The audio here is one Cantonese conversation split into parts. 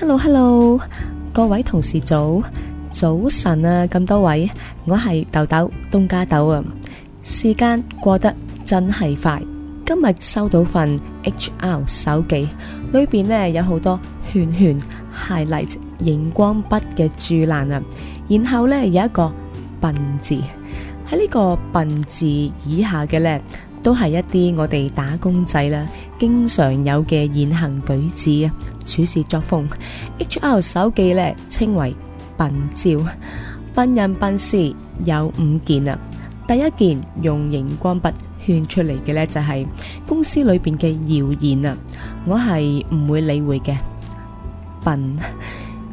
hello hello，各位同事早早晨啊，咁多位，我係豆豆東加豆啊。時間過得真係快，今日收到份 HR 手記，裏邊呢有好多圈圈係嚟熒光筆嘅注欄啊。然後呢，有一個笨字喺呢個笨字以下嘅呢，都係一啲我哋打工仔啦，經常有嘅言行舉止啊。處事作風，HR 手記呢稱為笨招，笨人笨事有五件啊！第一件用熒光筆圈出嚟嘅呢就係公司裏邊嘅謠言啊！我係唔會理會嘅笨，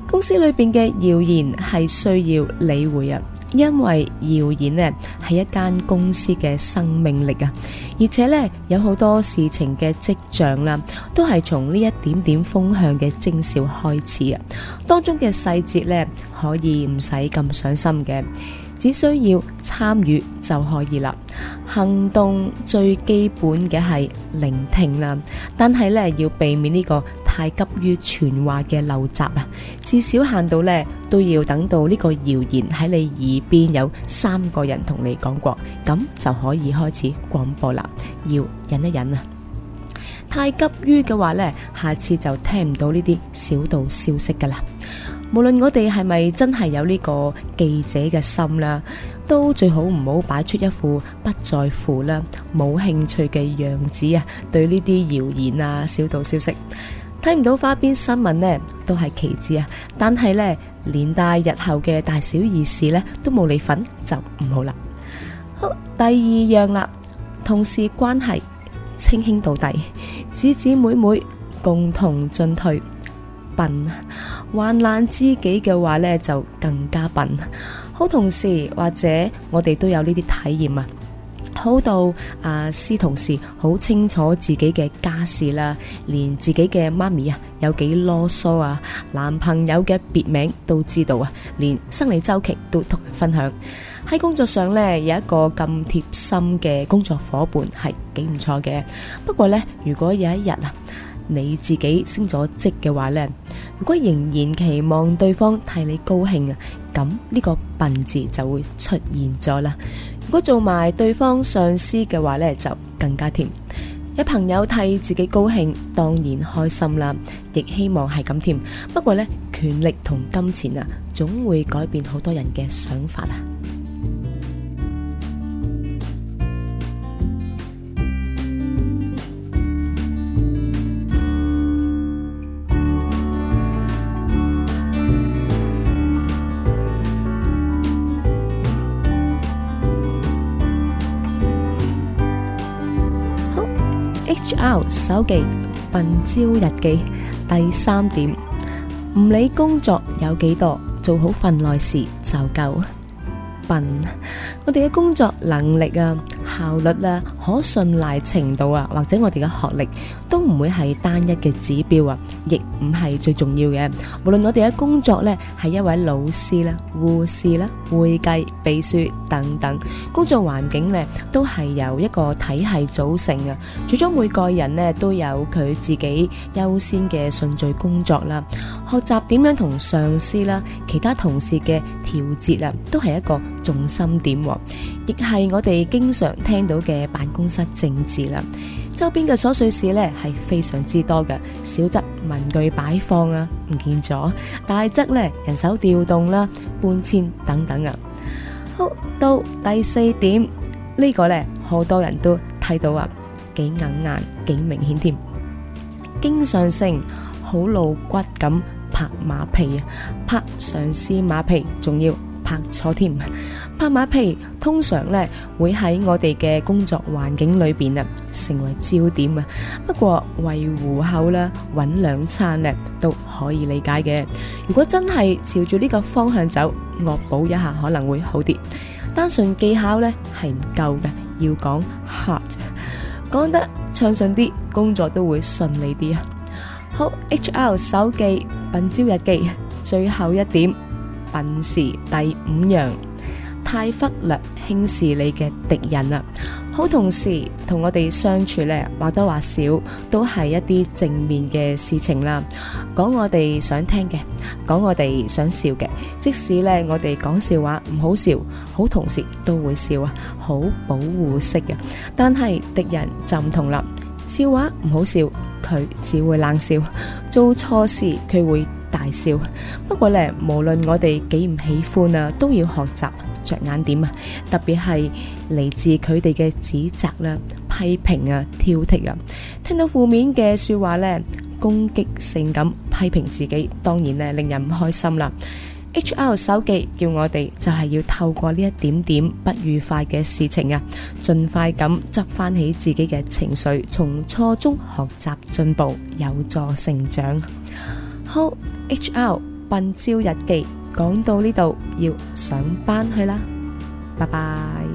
公司裏邊嘅謠言係需要理會啊！因為謠言咧，係一間公司嘅生命力啊，而且咧有好多事情嘅跡象啦，都係從呢一點點風向嘅徵兆開始啊。當中嘅細節咧可以唔使咁上心嘅，只需要參與就可以啦。行動最基本嘅係聆聽啦，但係咧要避免呢個太急於傳話嘅陋習啊，至少限到呢都要等到呢個謠言喺你耳邊有三個人同你講過，咁就可以開始廣播啦。要忍一忍啊！太急於嘅話呢，下次就聽唔到呢啲小道消息噶啦。無論我哋係咪真係有呢個記者嘅心啦，都最好唔好擺出一副不在乎啦、冇興趣嘅樣子啊，對呢啲謠言啊、小道消息。睇唔到花邊新聞咧，都係其次啊！但係咧，連帶日後嘅大小議事咧都冇你份就唔好啦。第二樣啦，同事關係親兄弟姊妹，姊姊妹妹共同進退，笨患難知己嘅話咧就更加笨。好同事或者我哋都有呢啲體驗啊。好到啊，司同事好清楚自己嘅家事啦，連自己嘅媽咪啊有幾囉嗦啊，男朋友嘅別名都知道啊，連生理周期都同人分享。喺工作上咧，有一個咁貼心嘅工作伙伴係幾唔錯嘅。不過咧，如果有一日啊，你自己升咗職嘅話呢，如果仍然期望對方替你高興啊，咁呢個笨字就會出現咗啦。如果做埋對方上司嘅話呢，就更加甜。有朋友替自己高興，當然開心啦，亦希望係咁添。不過呢，權力同金錢啊，總會改變好多人嘅想法啊。o u 手記笨招日記，第三點，唔理工作有幾多，做好份內事就夠笨。我哋嘅工作能力啊。效率啦、可信賴程度啊，或者我哋嘅學歷都唔會係單一嘅指標啊，亦唔係最重要嘅。無論我哋嘅工作咧，係一位老師啦、護士啦、會計、秘書等等，工作環境咧都係由一個體系組成嘅，除咗每個人咧都有佢自己優先嘅順序工作啦。學習點樣同上司啦、其他同事嘅調節啊，都係一個重心點。亦係我哋經常聽到嘅辦公室政治啦，周邊嘅瑣碎事咧係非常之多嘅，小則文具擺放啊，唔見咗，大則咧人手調動啦、搬遷等等啊。好到第四點，呢個咧好多人都睇到啊，幾硬硬幾明顯添，經常性好露骨咁拍馬屁啊，拍上司馬屁仲要。拍錯添，拍馬屁通常咧會喺我哋嘅工作環境裏邊啊，成為焦點啊。不過為糊口啦，搵兩餐咧都可以理解嘅。如果真係朝住呢個方向走，惡補一下可能會好啲。單純技巧咧係唔夠嘅，要講 heart，講得暢順啲，工作都會順利啲啊。好，H R 手記笨招日記最後一點。笨事第五樣，太忽略輕視你嘅敵人啦。好同事同我哋相處咧，或多或少都係一啲正面嘅事情啦。講我哋想聽嘅，講我哋想笑嘅。即使咧我哋講笑話唔好笑，好同事都會笑啊，好保護式嘅。但係敵人就唔同啦，笑話唔好笑，佢只會冷笑，做錯事佢會大笑，不過咧，無論我哋幾唔喜歡啊，都要學習着眼點啊，特別係嚟自佢哋嘅指責啦、批評啊、挑剔啊，聽到負面嘅說話咧，攻擊性咁批評自己，當然咧令人唔開心啦。HR 手記叫我哋就係要透過呢一點點不愉快嘅事情啊，盡快咁執翻起自己嘅情緒，從錯中學習進步，有助成長。好，H.R. 笨招日記，講到呢度，要上班去啦，拜拜。